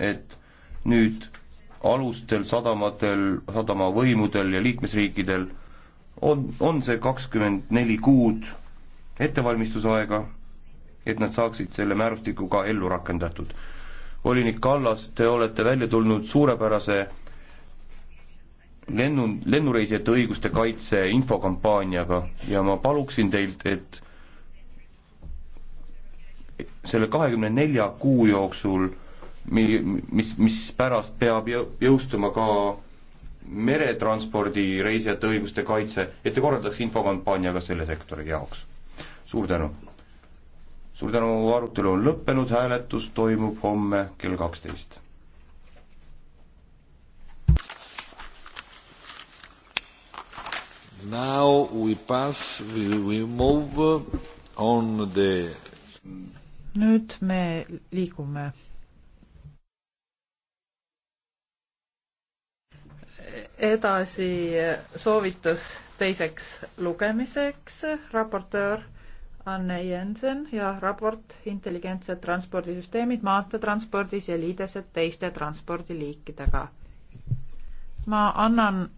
et nüüd alustel sadamatel, sadamavõimudel ja liikmesriikidel on, on see kakskümmend neli kuud ettevalmistusaega, et nad saaksid selle määrustikuga ellu rakendatud. volinik Kallas, te olete välja tulnud suurepärase lennu, lennureisijate õiguste kaitse infokampaaniaga ja ma paluksin teilt, et selle kahekümne nelja kuu jooksul mi-, mis, mispärast peab jõustuma ka meretranspordi reisijate õiguste kaitse, et te korraldaks infokampaania ka selle sektori jaoks. suur tänu! suur tänu, arutelu on lõppenud, hääletus toimub homme kell kaksteist. Now we pass, we, we move on the nüüd me liigume edasi soovitus teiseks lugemiseks, raportöör Anne Jensen ja raport Intelligentsed transpordisüsteemid maanteetranspordis ja liidesed teiste transpordiliikidega. ma annan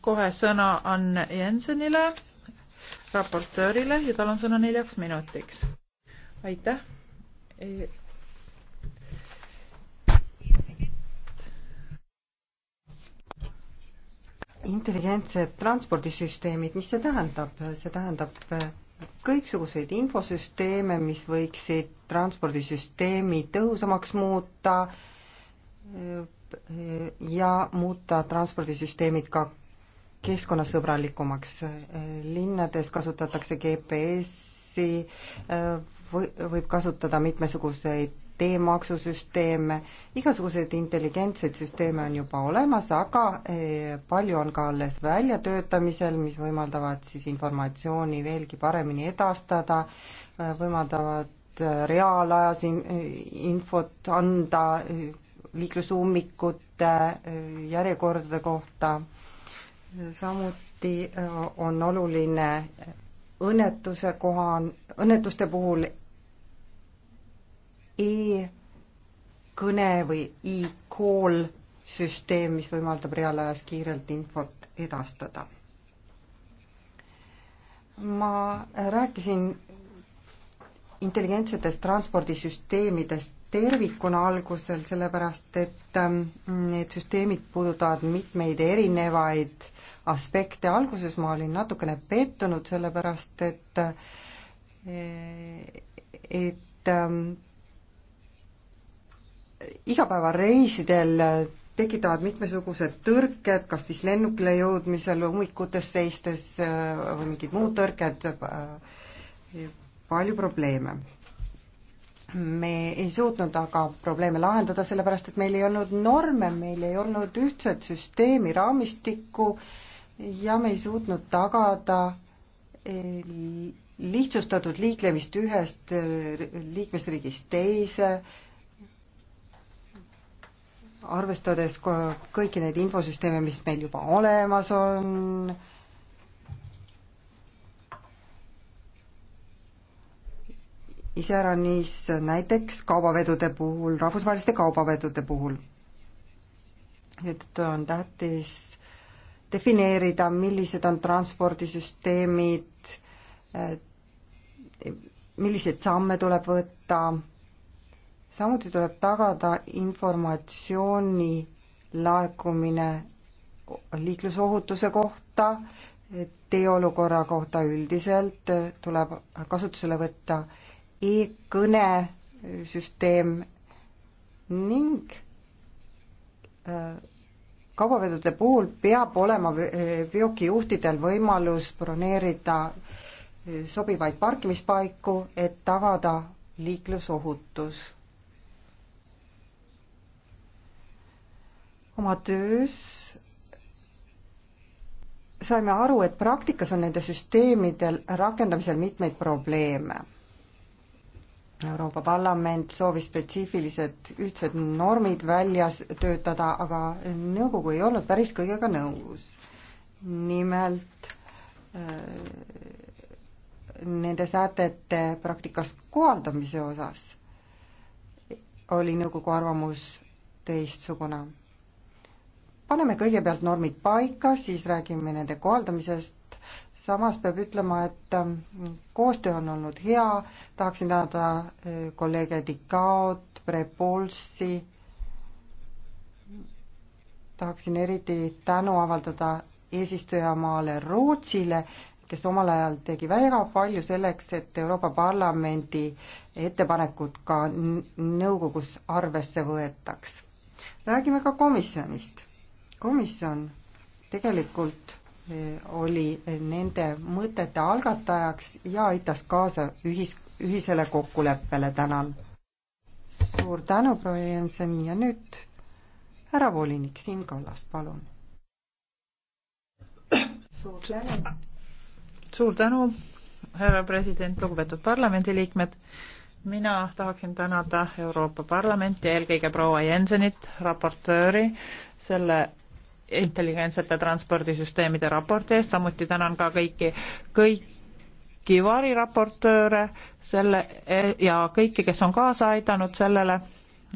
kohe sõna Anne Jensenile, raportöörile ja tal on sõna neljaks minutiks. aitäh intelligentsed transpordisüsteemid, mis see tähendab? see tähendab äh, kõiksuguseid infosüsteeme, mis võiksid transpordisüsteemi tõhusamaks muuta äh, ja muuta transpordisüsteemid ka keskkonnasõbralikumaks. Äh, linnades kasutatakse GPS-i, või, võib kasutada mitmesuguseid e-maksusüsteeme, igasuguseid intelligentseid süsteeme on juba olemas, aga eh, palju on ka alles väljatöötamisel, mis võimaldavad siis informatsiooni veelgi paremini edastada, eh, võimaldavad eh, reaalajas in-, infot anda liiklusummikute järjekordade kohta, samuti on oluline õnnetuse koha, õnnetuste puhul e-kõne või e-call süsteem, mis võimaldab reaalajas kiirelt infot edastada. ma rääkisin intelligentsetest transpordisüsteemidest tervikuna algusel, sellepärast et ähm, need süsteemid puudutavad mitmeid erinevaid aspekte. alguses ma olin natukene pettunud, sellepärast et äh, et ähm, igapäevareisidel tekitavad mitmesugused tõrked, kas siis lennukile jõudmisel, hommikutes seistes äh, või mingid muud tõrked, äh, palju probleeme. me ei suutnud aga probleeme lahendada, sellepärast et meil ei olnud norme, meil ei olnud ühtset süsteemi, raamistikku ja me ei suutnud tagada äh, lihtsustatud liiklemist ühest liikmesriigist teise, arvestades kõiki neid infosüsteeme, mis meil juba olemas on, iseäranis näiteks kaubavedude puhul, rahvusvaheliste kaubavedude puhul. seetõttu on tähtis defineerida, millised on transpordisüsteemid, milliseid samme tuleb võtta samuti tuleb tagada informatsiooni laekumine liiklusohutuse kohta, teeolukorra kohta üldiselt tuleb kasutusele võtta e-kõne süsteem ning äh, kaubavedude puhul peab olema veokijuhtidel võimalus broneerida äh, sobivaid parkimispaiku, et tagada liiklusohutus oma töös saime aru, et praktikas on nende süsteemidel rakendamisel mitmeid probleeme. Euroopa Parlament soovis spetsiifilised ühtsed normid välja töötada, aga nõukogu ei olnud päris kõigega nõus. nimelt äh, nende sätete praktikas kohaldamise osas oli nõukogu arvamus teistsugune paneme kõigepealt normid paika, siis räägime nende kohaldamisest, samas peab ütlema, et ähm, koostöö on olnud hea, tahaksin tänada äh, kolleege Dikaot, Prepulsi, tahaksin eriti tänu avaldada eesistujamaale Rootsile, kes omal ajal tegi väga palju selleks, et Euroopa Parlamendi ettepanekud ka nõukogus arvesse võetaks. räägime ka komisjonist komisjon tegelikult e, oli nende mõtete algatajaks ja aitas kaasa ühis, ühisele kokkuleppele, tänan. suur tänu, proua Jensen ja nüüd härra volinik Siim Kallas, palun. suur tänu. suur tänu, härra president, lugupeetud parlamendiliikmed. mina tahaksin tänada Euroopa Parlamenti, eelkõige proua Jensenit, raportööri, selle intelligentsete transpordisüsteemide raporti eest, samuti tänan ka kõiki, kõiki variraportööre selle ja kõiki, kes on kaasa aidanud sellele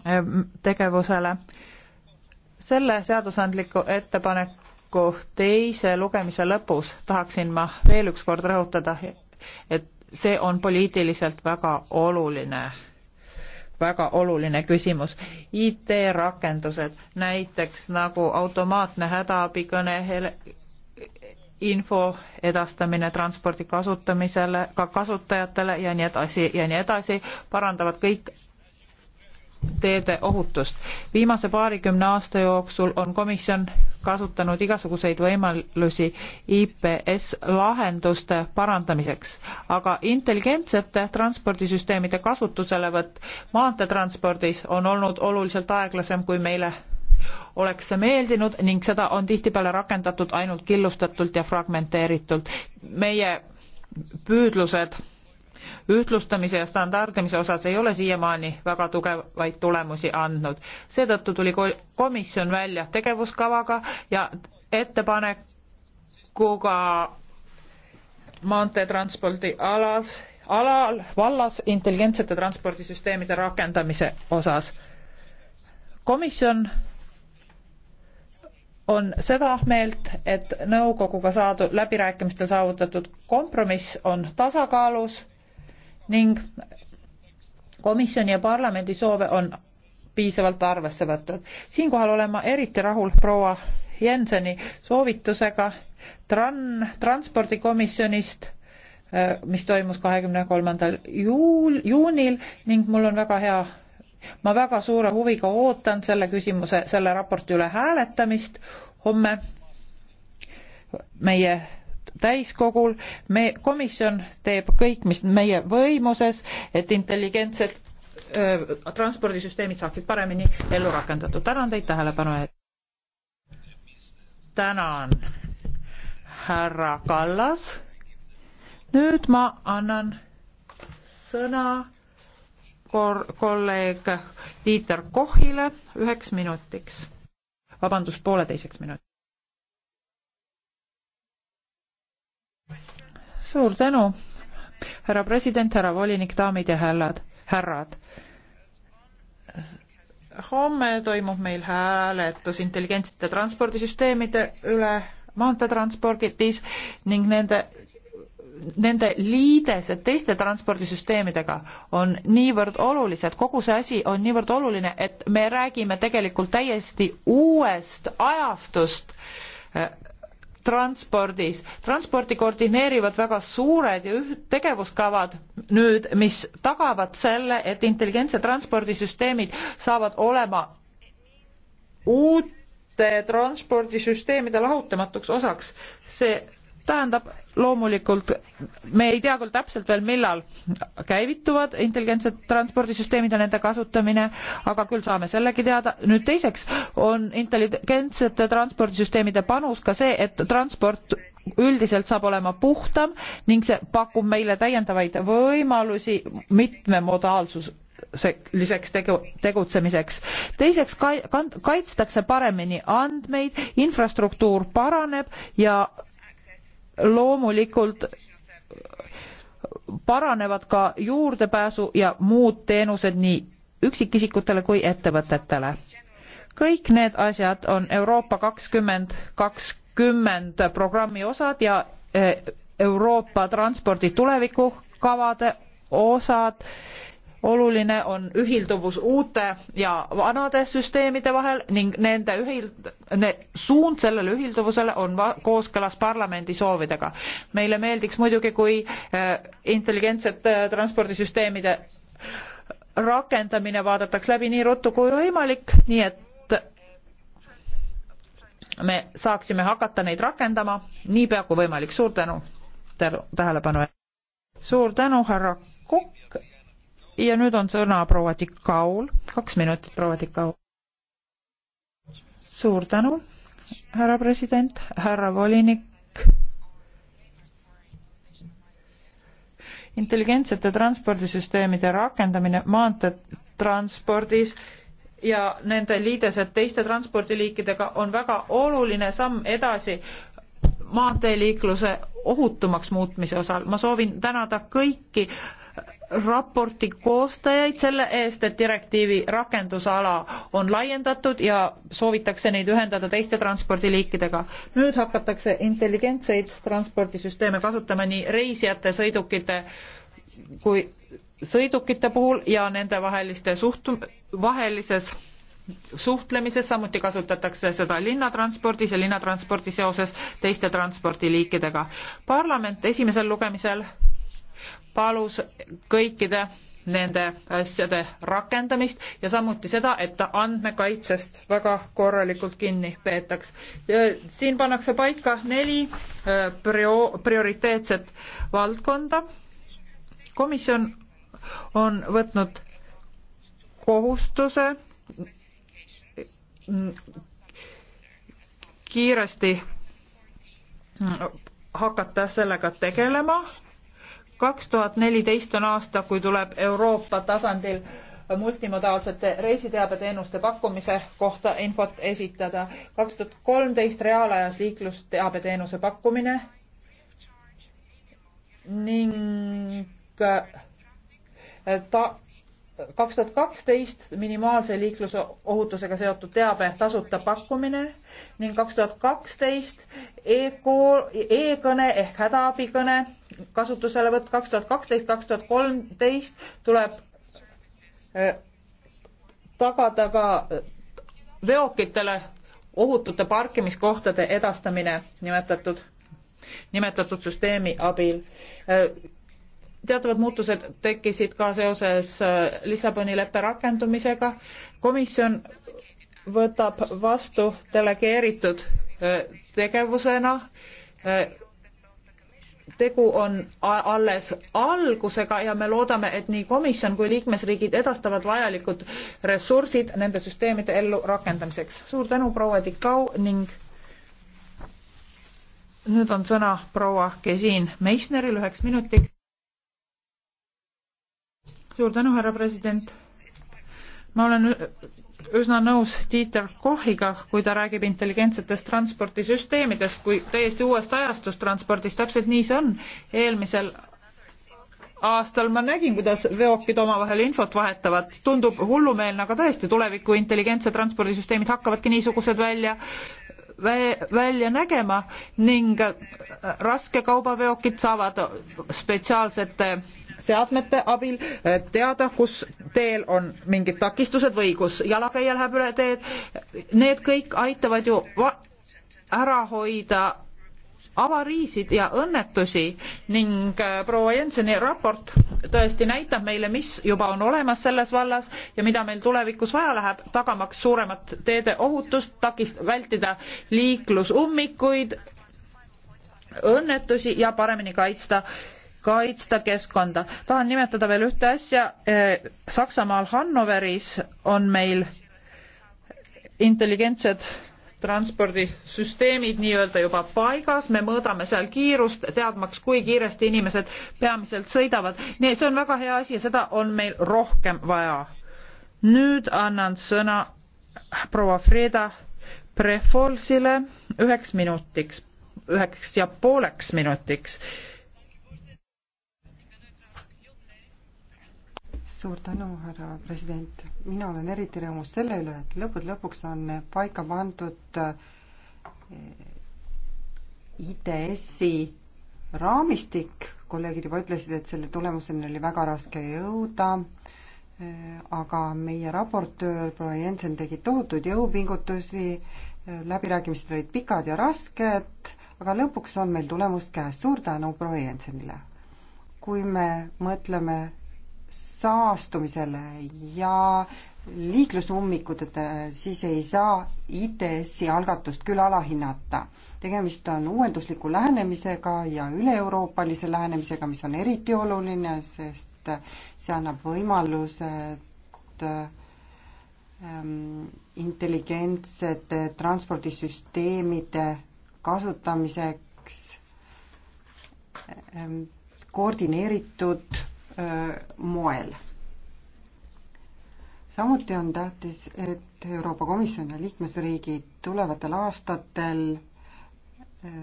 eh, tegevusele. selle seadusandliku ettepaneku teise lugemise lõpus tahaksin ma veel ükskord rõhutada, et see on poliitiliselt väga oluline väga oluline küsimus. IT-rakendused, näiteks nagu automaatne hädaabikõne, info edastamine transpordi kasutamisele, ka kasutajatele ja nii edasi ja nii edasi, parandavad kõik teede ohutust. viimase paarikümne aasta jooksul on komisjon kasutanud igasuguseid võimalusi IPS lahenduste parandamiseks, aga intelligentsete transpordisüsteemide kasutuselevõtt maanteetranspordis on olnud oluliselt aeglasem, kui meile oleks see meeldinud ning seda on tihtipeale rakendatud ainult killustatult ja fragmenteeritult. meie püüdlused ühtlustamise ja standardimise osas ei ole siiamaani väga tugevaid tulemusi andnud. seetõttu tuli komisjon välja tegevuskavaga ja ettepanekuga maanteetranspordi alas, alal, vallas intelligentsete transpordisüsteemide rakendamise osas. komisjon on seda meelt, et nõukoguga saadud läbirääkimistel saavutatud kompromiss on tasakaalus ning komisjoni ja parlamendi soove on piisavalt arvesse võtnud. siinkohal olen ma eriti rahul proua Jenseni soovitusega tran-, transpordikomisjonist, äh, mis toimus kahekümne kolmandal juul, juunil ning mul on väga hea, ma väga suure huviga ootan selle küsimuse, selle raporti üle hääletamist homme meie täiskogul. me, komisjon teeb kõik, mis meie võimuses, et intelligentsed öö, äh, transpordisüsteemid saaksid paremini ellu rakendatud. tänan teid tähelepanu eest. tänan, härra Kallas. nüüd ma annan sõna kor-, kolleeg Tiiter Kohile üheks minutiks. vabandust, pooleteiseks minutiks suur tänu, härra president, härra volinik, daamid ja hällad, härrad. homme toimub meil hääletus intelligentsete transpordisüsteemide üle maanteetranspordis ning nende nende liidesed teiste transpordisüsteemidega on niivõrd olulised, kogu see asi on niivõrd oluline, et me räägime tegelikult täiesti uuest ajastust transpordis. transporti koordineerivad väga suured ja tegevuskavad nüüd, mis tagavad selle, et intelligentsed transpordisüsteemid saavad olema uute transpordisüsteemide lahutamatuks osaks. see tähendab loomulikult, me ei tea küll täpselt veel, millal käivituvad intelligentsed transpordisüsteemid ja nende kasutamine, aga küll saame sellegi teada. nüüd teiseks on intelligentsete transpordisüsteemide panus ka see, et transport üldiselt saab olema puhtam ning see pakub meile täiendavaid võimalusi mitmemodaalsus lisaks tegu, tegutsemiseks. teiseks kaitstakse paremini andmeid, infrastruktuur paraneb ja loomulikult paranevad ka juurdepääsu ja muud teenused nii üksikisikutele kui ettevõtetele. kõik need asjad on Euroopa kakskümmend kakskümmend programmi osad ja eh, Euroopa transpordi tulevikukavade osad oluline on ühilduvus uute ja vanade süsteemide vahel ning nende ühild- ne, suund sellele ühilduvusele on va- kooskõlas parlamendi soovidega. meile meeldiks muidugi, kui äh, intelligentsete äh, transpordisüsteemide rakendamine vaadataks läbi nii ruttu kui võimalik, nii et me saaksime hakata neid rakendama niipea kui võimalik. suur tänu tähelepanu eest. suur tänu, härra Kokk ja nüüd on sõna proua Tikaul, kaks minutit, proua Tikaul. suur tänu, härra president, härra volinik. intelligentsete transpordisüsteemide rakendamine maanteetranspordis ja nende liidesed teiste transpordiliikidega on väga oluline samm edasi maanteeliikluse ohutumaks muutmise osal. ma soovin tänada kõiki äh, raporti koostajaid selle eest, et direktiivi rakendusala on laiendatud ja soovitakse neid ühendada teiste transpordiliikidega. nüüd hakatakse intelligentseid transpordisüsteeme kasutama nii reisijate sõidukite kui sõidukite puhul ja nende vaheliste suhtu-, vahelises suhtlemises, samuti kasutatakse seda linnatranspordis ja linnatranspordi seoses teiste transpordiliikidega. parlament esimesel lugemisel palus kõikide nende asjade rakendamist ja samuti seda, et andmekaitsest väga korralikult kinni peetaks. siin pannakse paika neli äh, prio-, prioriteetset valdkonda. komisjon on võtnud kohustuse kiiresti hakata sellega tegelema kaks tuhat neliteist on aasta, kui tuleb Euroopa tasandil multimodaalsete reisiteabeteenuste pakkumise kohta infot esitada. kaks tuhat kolmteist reaalajas liiklusteabeteenuse pakkumine ning ta kaks tuhat kaksteist minimaalse liiklusohutusega seotud teabe tasuta pakkumine ning kaks tuhat kaksteist e-kõne ehk hädaabikõne kasutuselevõtt kaks tuhat kaksteist, kaks tuhat kolmteist tuleb äh, tagada ka äh, veokitele ohutute parkimiskohtade edastamine nimetatud, nimetatud süsteemi abil äh, teatavad muutused tekkisid ka seoses äh, Lissaboni leppe rakendumisega. komisjon võtab vastu delegeeritud äh, tegevusena. Äh, tegu on alles algusega ja me loodame, et nii komisjon kui liikmesriigid edastavad vajalikud ressursid nende süsteemide ellurakendamiseks. suur tänu, proua Dikau ning nüüd on sõna proua Kesin Meissneril üheks minutiks suur tänu, härra president. ma olen üsna nõus Dieter Kochiga, kui ta räägib intelligentsetest transpordisüsteemidest kui täiesti uuest ajastust transpordis, täpselt nii see on. eelmisel aastal ma nägin, kuidas veokid omavahel infot vahetavad, tundub hullumeelne, aga tõesti, tuleviku intelligentsed transpordisüsteemid hakkavadki niisugused välja välja nägema ning raskekaubaveokid saavad spetsiaalsete seadmete abil eh, teada, kus teel on mingid takistused või kus jalakäija läheb üle teed. Need kõik aitavad ju ära hoida avariisid ja õnnetusi ning eh, proua Jenseni raport tõesti näitab meile, mis juba on olemas selles vallas ja mida meil tulevikus vaja läheb, tagamaks suuremat teede ohutust, takist-, vältida liiklusummikuid, õnnetusi ja paremini kaitsta kaitsta keskkonda. tahan nimetada veel ühte asja. Eh, Saksamaal Hannoveris on meil intelligentsed transpordisüsteemid nii-öelda juba paigas, me mõõdame seal kiirust, teadmaks, kui kiiresti inimesed peamiselt sõidavad. nii, see on väga hea asi ja seda on meil rohkem vaja. nüüd annan sõna proua Freda Prefolsile üheks minutiks, üheks ja pooleks minutiks suur tänu, härra president. mina olen eriti rõõmus selle üle, et lõppude lõpuks on paika pandud ITS-i eh, raamistik, kolleegid juba ütlesid, et selle tulemuseni oli väga raske jõuda, eh, aga meie raportöör proua Jensen tegi tohutuid jõupingutusi, eh, läbirääkimised olid pikad ja rasked, aga lõpuks on meil tulemus käes, suur tänu proua Jensenile. kui me mõtleme saastumisele ja liiklusummikuteta, äh, siis ei saa ITS-i algatust küll alahinnata. tegemist on uuendusliku lähenemisega ja üle-euroopalise lähenemisega, mis on eriti oluline, sest äh, see annab võimalused äh, ähm, intelligentsete transpordisüsteemide kasutamiseks ähm, koordineeritud Äh, moel. samuti on tähtis, et Euroopa Komisjon ja liikmesriigid tulevatel aastatel äh,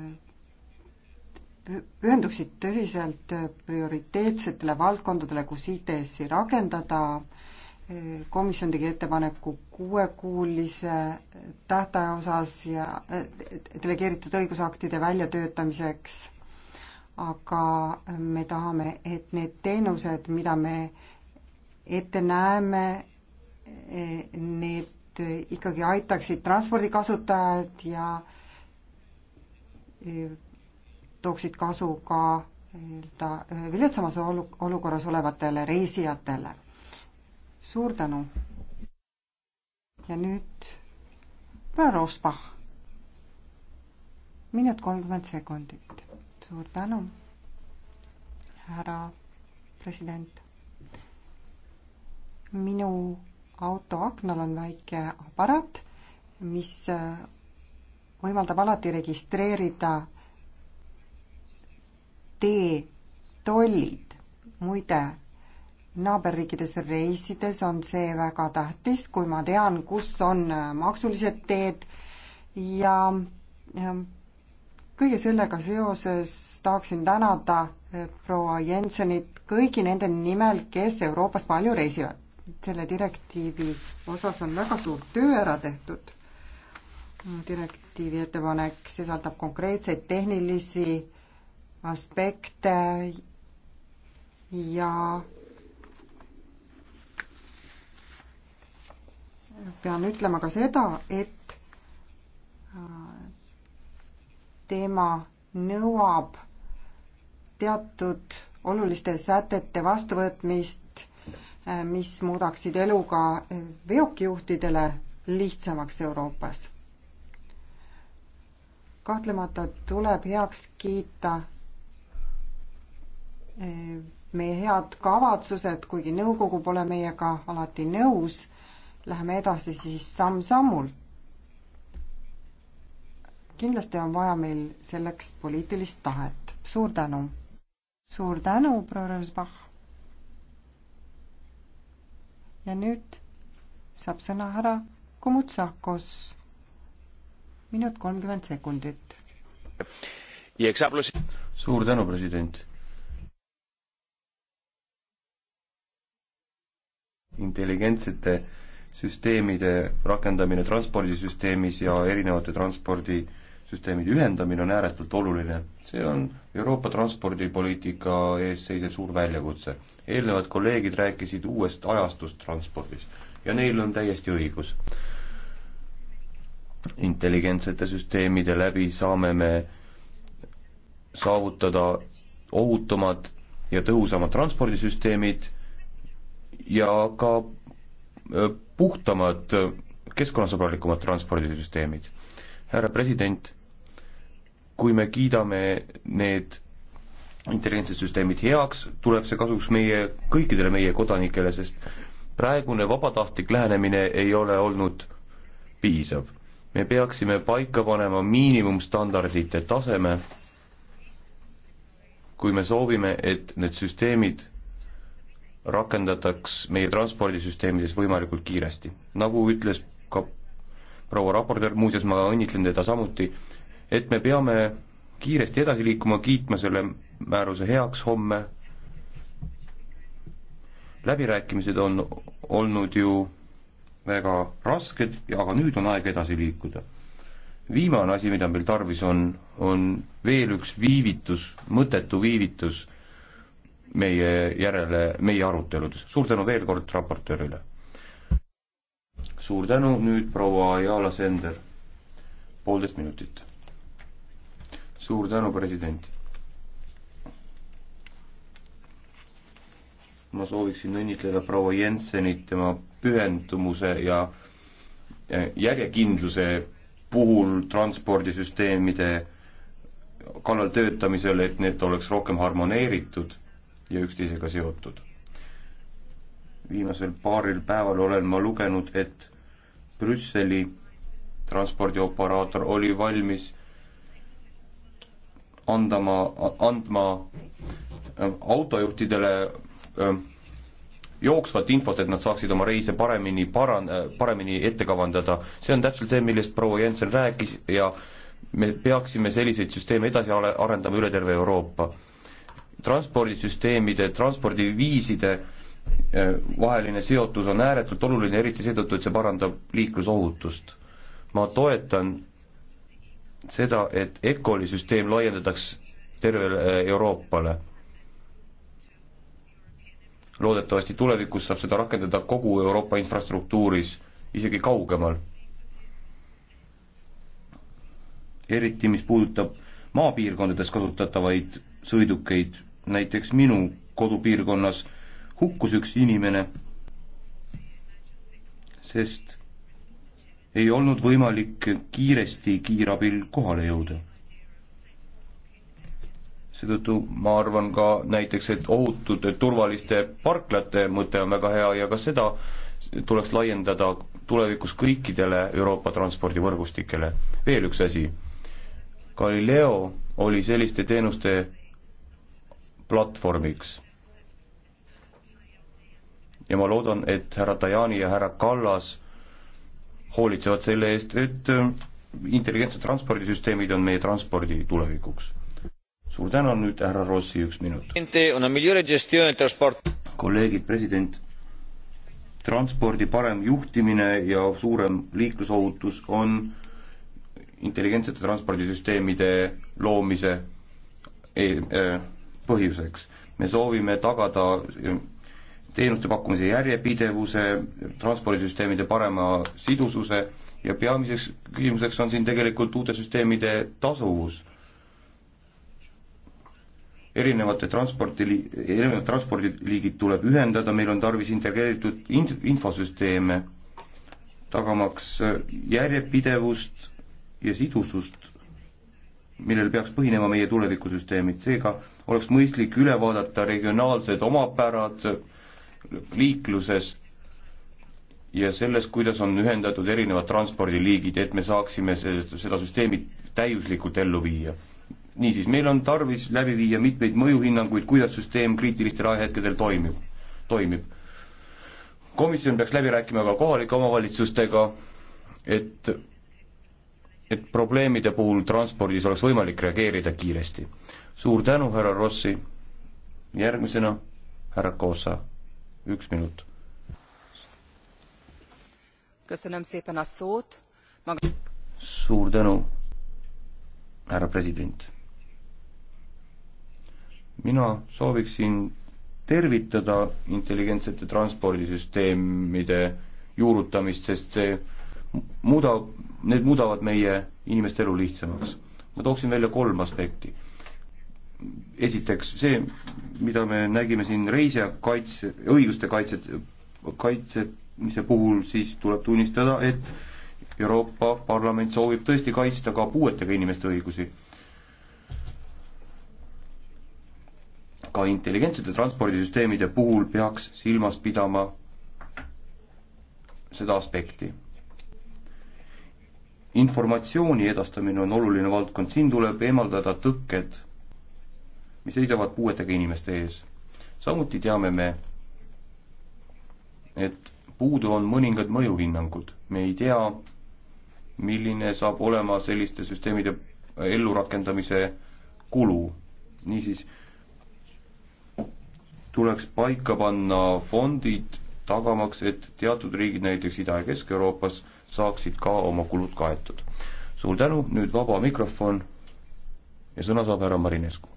pühenduksid tõsiselt prioriteetsetele valdkondadele, kus ITS-i rakendada. komisjon tegi ettepaneku kuuekuulise tähtaja osas ja äh, delegeeritud õigusaktide väljatöötamiseks aga me tahame, et need teenused, mida me ette näeme, e, need ikkagi aitaksid transpordi kasutajad ja e, tooksid kasu ka nii-öelda viletsamas olu-, olukorras olevatele reisijatele. suur tänu! ja nüüd Rosbach. minut kolmkümmend sekundit suur tänu, härra president. minu auto aknal on väike aparaat, mis äh, võimaldab alati registreerida teetollid. muide, naaberriikides reisides on see väga tähtis, kui ma tean, kus on äh, maksulised teed ja äh, kõige sellega seoses tahaksin tänada eh, proua Jensenit kõigi nende nimel, kes Euroopas palju reisivad. selle direktiivi osas on väga suur töö ära tehtud. direktiivi ettepanek sisaldab konkreetseid tehnilisi aspekte ja pean ütlema ka seda, et äh, tema nõuab teatud oluliste sätete vastuvõtmist, eh, mis muudaksid elu ka eh, veokijuhtidele lihtsamaks Euroopas. kahtlemata tuleb heaks kiita eh, meie head kavatsused, kuigi nõukogu pole meiega alati nõus, läheme edasi siis samm-sammult kindlasti on vaja meil selleks poliitilist tahet. suur tänu! suur tänu, proua Rõõsbach! ja nüüd saab sõna härra Kumutsakos. minut kolmkümmend sekundit. suur tänu, president! intelligentsete süsteemide rakendamine transpordisüsteemis ja erinevate transpordi süsteemide ühendamine on ääretult oluline. see on Euroopa transpordipoliitika ees seisev suur väljakutse. eelnevad kolleegid rääkisid uuest ajastust transpordis ja neil on täiesti õigus. intelligentsete süsteemide läbi saame me saavutada ohutumad ja tõhusamad transpordisüsteemid ja ka äh, puhtamad, keskkonnasõbralikumad transpordisüsteemid. härra president kui me kiidame need intelligentsed süsteemid heaks, tuleb see kasuks meie, kõikidele meie kodanikele, sest praegune vabatahtlik lähenemine ei ole olnud piisav. me peaksime paika panema miinimumstandardite taseme, kui me soovime, et need süsteemid rakendataks meie transpordisüsteemides võimalikult kiiresti. nagu ütles ka proua raportöör, muuseas ma õnnitlen teda samuti, et me peame kiiresti edasi liikuma, kiitma selle määruse heaks homme. läbirääkimised on olnud ju väga rasked, aga nüüd on aeg edasi liikuda. viimane asi, mida meil tarvis on, on veel üks viivitus, mõttetu viivitus meie järele, meie aruteludes. suur tänu veel kord raportöörile. suur tänu, nüüd proua Jaala Sender, poolteist minutit suur tänu, president. ma sooviksin õnnitleda proua Jensenit tema pühendumuse ja järjekindluse puhul transpordisüsteemide kallal töötamisel, et need oleks rohkem harmoneeritud ja üksteisega seotud. viimasel paaril päeval olen ma lugenud, et Brüsseli transpordioperaator oli valmis andma, andma äh, autojuhtidele äh, jooksvat infot, et nad saaksid oma reise paremini paran-, äh, paremini ette kavandada. see on täpselt see, millest proua Jensen rääkis ja me peaksime selliseid süsteeme edasi arendama üle terve Euroopa. transpordisüsteemide, transpordiviiside vaheline seotus on ääretult oluline, eriti seetõttu, et see parandab liiklusohutust. ma toetan seda, et ECOL-i süsteem laiendataks tervele äh, Euroopale. loodetavasti tulevikus saab seda rakendada kogu Euroopa infrastruktuuris, isegi kaugemal. eriti, mis puudutab maapiirkondades kasutatavaid sõidukeid, näiteks minu kodupiirkonnas hukkus üks inimene, sest ei olnud võimalik kiiresti kiirabil kohale jõuda. seetõttu ma arvan ka näiteks, et ohutute turvaliste parklate mõte on väga hea ja ka seda tuleks laiendada tulevikus kõikidele Euroopa transpordivõrgustikele. veel üks asi, Galileo oli selliste teenuste platvormiks ja ma loodan, et härra Tajani ja härra Kallas hoolitsevad selle eest, et äh, intelligentsed transpordisüsteemid on meie transpordi tulevikuks. suur tänu, nüüd härra Rossi, üks minut. kolleegid, president, transpordi parem juhtimine ja suurem liiklusohutus on intelligentsete transpordisüsteemide loomise eh, eh, põhjuseks. me soovime tagada eh, teenuste pakkumise järjepidevuse, transpordisüsteemide parema sidususe ja peamiseks küsimuseks on siin tegelikult uute süsteemide tasuvus. erinevate transpordi, erinevad transpordiliigid tuleb ühendada, meil on tarvis integreeritud in-, infosüsteeme, tagamaks järjepidevust ja sidusust, millel peaks põhinema meie tulevikusüsteemid, seega oleks mõistlik üle vaadata regionaalsed omapärad, liikluses ja selles, kuidas on ühendatud erinevad transpordiliigid, et me saaksime seda süsteemi täiuslikult ellu viia. niisiis, meil on tarvis läbi viia mitmeid mõjuhinnanguid, kuidas süsteem kriitilistel ajahetkedel toimib, toimib. komisjon peaks läbi rääkima ka kohalike omavalitsustega, et et probleemide puhul transpordis oleks võimalik reageerida kiiresti. suur tänu, härra Rossi, järgmisena härra Koosa üks minut. suur tänu, härra president. mina sooviksin tervitada intelligentsete transpordisüsteemide juurutamist, sest see muudab, need muudavad meie inimeste elu lihtsamaks. ma tooksin välja kolm aspekti esiteks see, mida me nägime siin reisija kaitse, õiguste kaitset, kaitsemise puhul, siis tuleb tunnistada, et Euroopa Parlament soovib tõesti kaitsta ka puuetega inimeste õigusi. ka intelligentsete transpordisüsteemide puhul peaks silmas pidama seda aspekti informatsiooni edastamine on oluline valdkond, siin tuleb eemaldada tõkked mis seisavad puuetega inimeste ees. samuti teame me, et puudu on mõningad mõjuhinnangud, me ei tea, milline saab olema selliste süsteemide ellurakendamise kulu. niisiis tuleks paika panna fondid, tagamaks, et teatud riigid, näiteks Ida- ja Kesk-Euroopas, saaksid ka oma kulud kaetud. suur tänu, nüüd vaba mikrofon ja sõna saab härra Marinescu.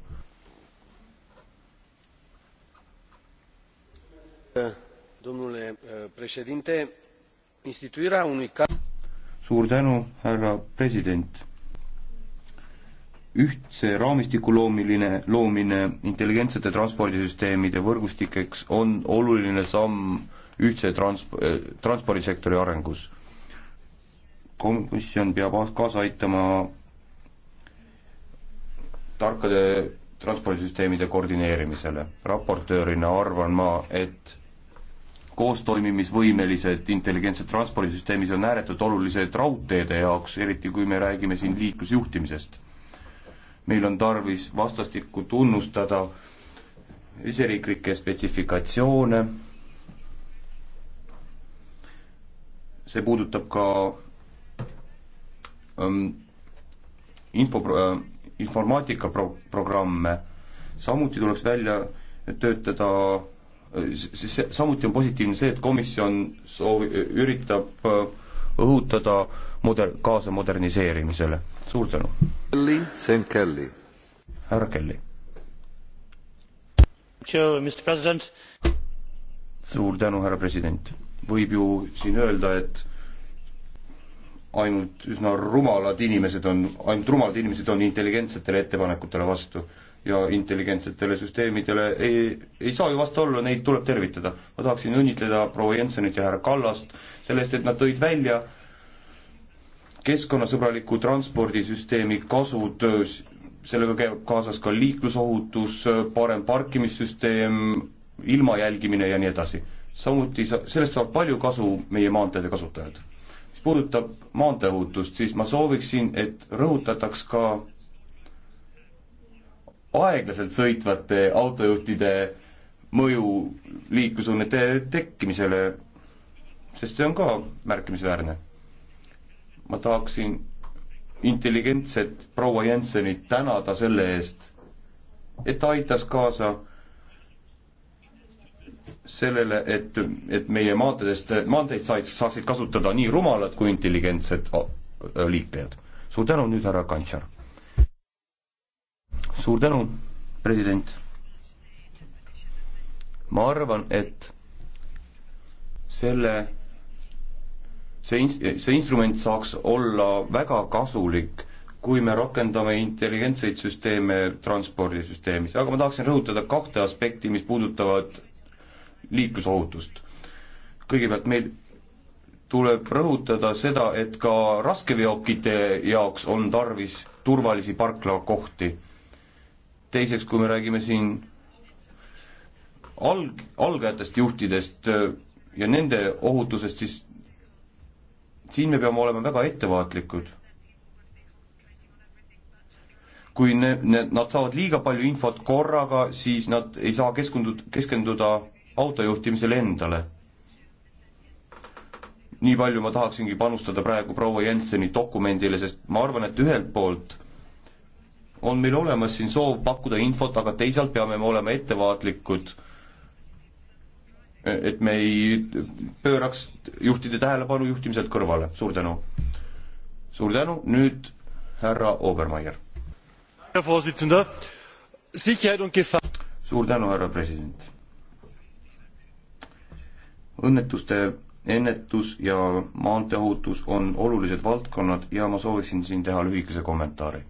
Eh, instituirea unui suur tänu, härra president. ühtse raamistiku loomiline, loomine intelligentsete transpordisüsteemide võrgustikeks on oluline samm ühtse trans-, eh, transpordisektori arengus. komisjon peab kaasa aitama tarkade transpordisüsteemide koordineerimisele. raportöörina arvan ma, et koostoimimisvõimelised intelligentsed transpordisüsteemis on ääretult olulised raudteede jaoks, eriti kui me räägime siin liiklusjuhtimisest. meil on tarvis vastastikku tunnustada iseriiklikke spetsifikatsioone, see puudutab ka ähm, info äh,, informaatika pro-, programme, samuti tuleks välja töötada siis samuti on positiivne see, et komisjon soovi-, üritab äh, õhutada moder-, kaasa moderniseerimisele. suur tänu. Kelly, St Kelly. härra Kelly. suur tänu, härra president. võib ju siin öelda, et ainult üsna rumalad inimesed on, ainult rumalad inimesed on intelligentsetele ettepanekutele vastu ja intelligentsetele süsteemidele ei, ei saa ju vastu olla, neid tuleb tervitada. ma tahaksin õnnitleda proua Jensenit ja härra Kallast selle eest, et nad tõid välja keskkonnasõbraliku transpordisüsteemi kasud, sellega käib kaasas ka liiklusohutus, parem parkimissüsteem, ilma jälgimine ja nii edasi. samuti sa-, sellest saab palju kasu meie maanteede kasutajad. mis puudutab maanteeohutust, siis ma sooviksin, et rõhutataks ka aeglaselt sõitvate autojuhtide mõju liiklusõnnete tekkimisele, sest see on ka märkimisväärne. ma tahaksin intelligentset proua Jensenit tänada selle eest, et ta aitas kaasa sellele, et, et meie maanteedest, maanteid said, saaksid kasutada nii rumalad kui intelligentsed liiklejad. suur tänu nüüd, härra Kantšar suur tänu, president. ma arvan, et selle, see ins-, see instrument saaks olla väga kasulik, kui me rakendame intelligentseid süsteeme transpordisüsteemis, aga ma tahaksin rõhutada kahte aspekti, mis puudutavad liiklusohutust. kõigepealt meil tuleb rõhutada seda, et ka raskeveokite jaoks on tarvis turvalisi parklakohti teiseks, kui me räägime siin alg, algajatest juhtidest äh, ja nende ohutusest, siis siin me peame olema väga ettevaatlikud. kui ne-, ne-, nad saavad liiga palju infot korraga, siis nad ei saa keskendud-, keskenduda autojuhtimisele endale. nii palju ma tahaksingi panustada praegu proua Jenseni dokumendile, sest ma arvan, et ühelt poolt on meil olemas siin soov pakkuda infot, aga teisalt peame me olema ettevaatlikud, et me ei pööraks juhtide tähelepanu juhtimiselt kõrvale, suur tänu. suur tänu, nüüd härra Obermeier. suur tänu, härra president. õnnetuste ennetus ja maanteeohutus on olulised valdkonnad ja ma sooviksin siin teha lühikese kommentaari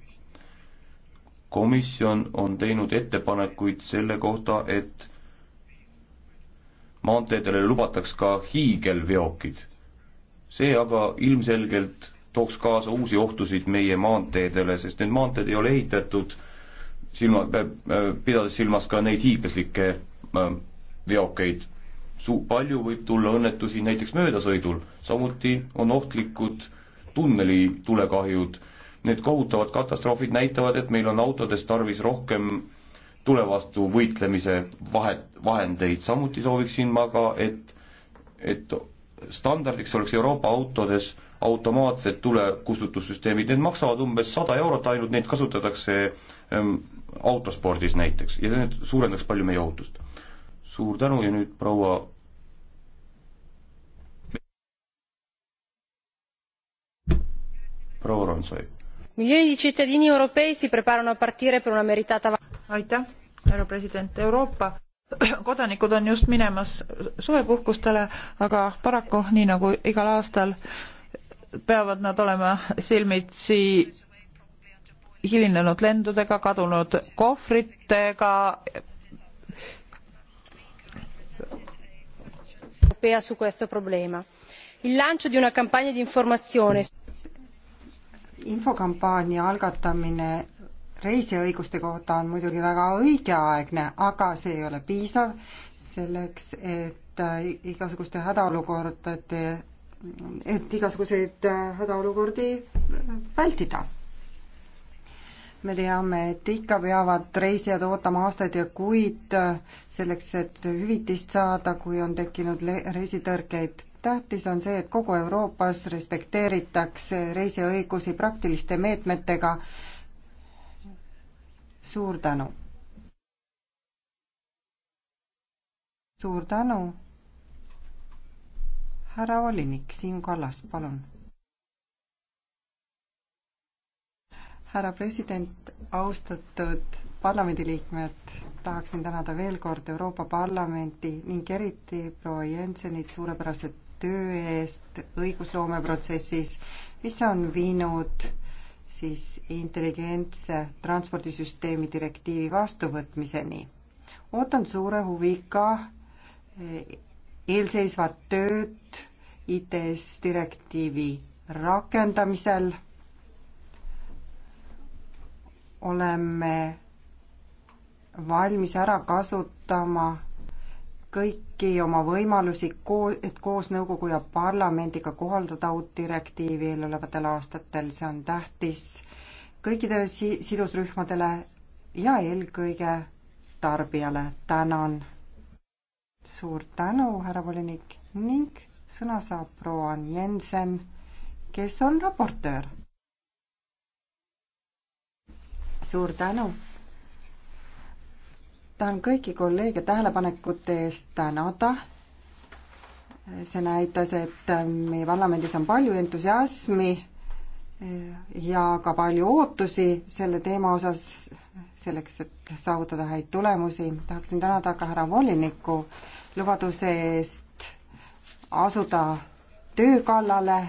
komisjon on teinud ettepanekuid selle kohta, et maanteedele lubataks ka hiigelveokid. see aga ilmselgelt tooks kaasa uusi ohtusid meie maanteedele, sest need maanteed ei ole ehitatud silma, äh, pidades silmas ka neid hiiglaslikke äh, veokeid. Su-, palju võib tulla õnnetusi näiteks möödasõidul, samuti on ohtlikud tunneli tulekahjud Need kohutavad katastroofid näitavad, et meil on autodes tarvis rohkem tule vastu võitlemise vahet, vahendeid, samuti sooviksin ma ka, et et standardiks oleks Euroopa autodes automaatsed tulekustutussüsteemid, need maksavad umbes sada eurot ainult, neid kasutatakse ähm, autospordis näiteks ja see suurendaks palju meie ohutust. suur tänu ja nüüd proua proua Ronsoi milioni di cittadini europei si preparano a partire per una meritata. aitäh härra president euroopa kodanikud on just minemas suvepuhkustele aga paraku nii nagu igal aastal peavad nad olema silmitsi hilinenud lendudega kadunud kohvritega europea su questo problema il lancio di una campagna di informazione infokampaania algatamine reisiõiguste kohta on muidugi väga õigeaegne, aga see ei ole piisav selleks, et äh, igasuguste hädaolukordade, et igasuguseid äh, hädaolukordi vältida. me teame, et ikka peavad reisijad ootama aastaid ja kuid äh, selleks, et hüvitist saada, kui on tekkinud reisitõrkeid tähtis on see, et kogu Euroopas respekteeritakse reisiõigusi praktiliste meetmetega. suur tänu! suur tänu! härra volinik Siim Kallas, palun! härra president, austatud parlamendiliikmed, tahaksin tänada veel kord Euroopa Parlamenti ning eriti proua Jensenit suurepärase töö eest õigusloomeprotsessis, mis on viinud siis intelligentse transpordisüsteemi direktiivi vastuvõtmiseni. ootan suure huviga eh, eelseisvat tööd ITS direktiivi rakendamisel. oleme valmis ära kasutama kõiki oma võimalusi, et koos nõukogu ja parlamendiga kohaldada uut direktiivi eelolevatel aastatel, see on tähtis kõikidele si-, sidusrühmadele ja eelkõige tarbijale. tänan! suur tänu, härra volinik ning sõna saab proua Ann Jensen, kes on raportöör. suur tänu! tahan kõiki kolleege tähelepanekute eest tänada. see näitas, et meie parlamendis on palju entusiasmi ja ka palju ootusi selle teema osas, selleks, et saavutada häid tulemusi. tahaksin tänada ka härra voliniku lubaduse eest asuda töö kallale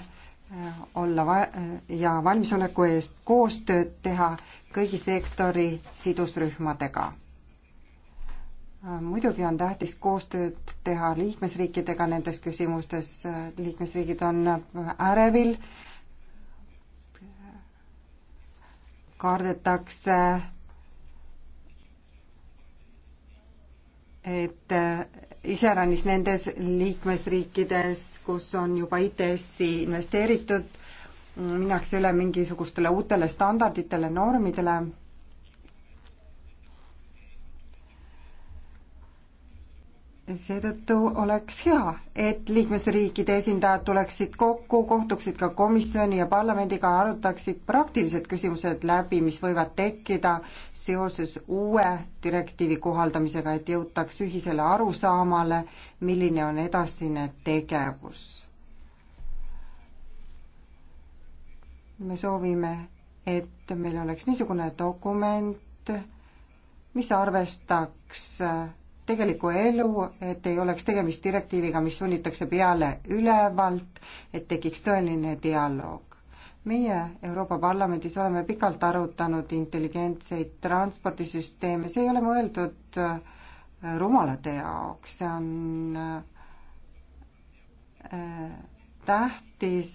olla va- ja valmisoleku eest koostööd teha kõigi sektori sidusrühmadega. Äh, muidugi on tähtis koostööd teha liikmesriikidega nendes küsimustes, äh, liikmesriigid on äh, ärevil, kardetakse, et iseäranis nendes liikmesriikides, kus on juba ITS-i investeeritud, mm, minnakse üle mingisugustele uutele standarditele, normidele seetõttu oleks hea, et liikmesriikide esindajad tuleksid kokku, kohtuksid ka komisjoni ja parlamendiga, arutaksid praktilised küsimused läbi, mis võivad tekkida seoses uue direktiivi kohaldamisega, et jõutaks ühisele arusaamale, milline on edasine tegevus. me soovime, et meil oleks niisugune dokument, mis arvestaks tegelikku elu, et ei oleks tegemist direktiiviga, mis sunnitakse peale ülevalt, et tekiks tõeline dialoog. meie Euroopa Parlamendis oleme pikalt arutanud intelligentseid transpordisüsteeme, see ei ole mõeldud äh, rumalate jaoks, see on äh, tähtis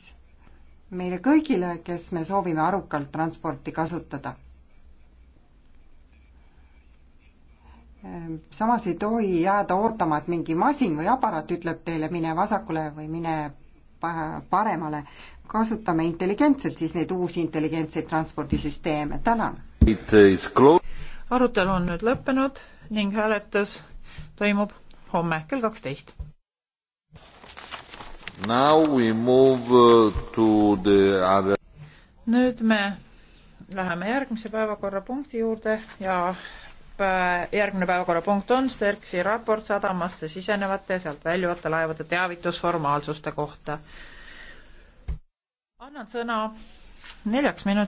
meile kõigile, kes me soovime arukalt transporti kasutada Ehm, samas ei tohi jääda ootama, et mingi masin või aparaat ütleb teile, mine vasakule või mine paremale. kasutame intelligentselt siis neid uusi intelligentseid transpordisüsteeme, tänan! arutelu on nüüd lõppenud ning hääletus toimub homme kell kaksteist. Uh, other... nüüd me läheme järgmise päevakorrapunkti juurde ja Äh, järgmine päevakorrapunkt on Sterksi raport sadamasse sisenevate ja sealt väljuvate laevade teavitusformaalsuste kohta. annan sõna neljaks minutiks.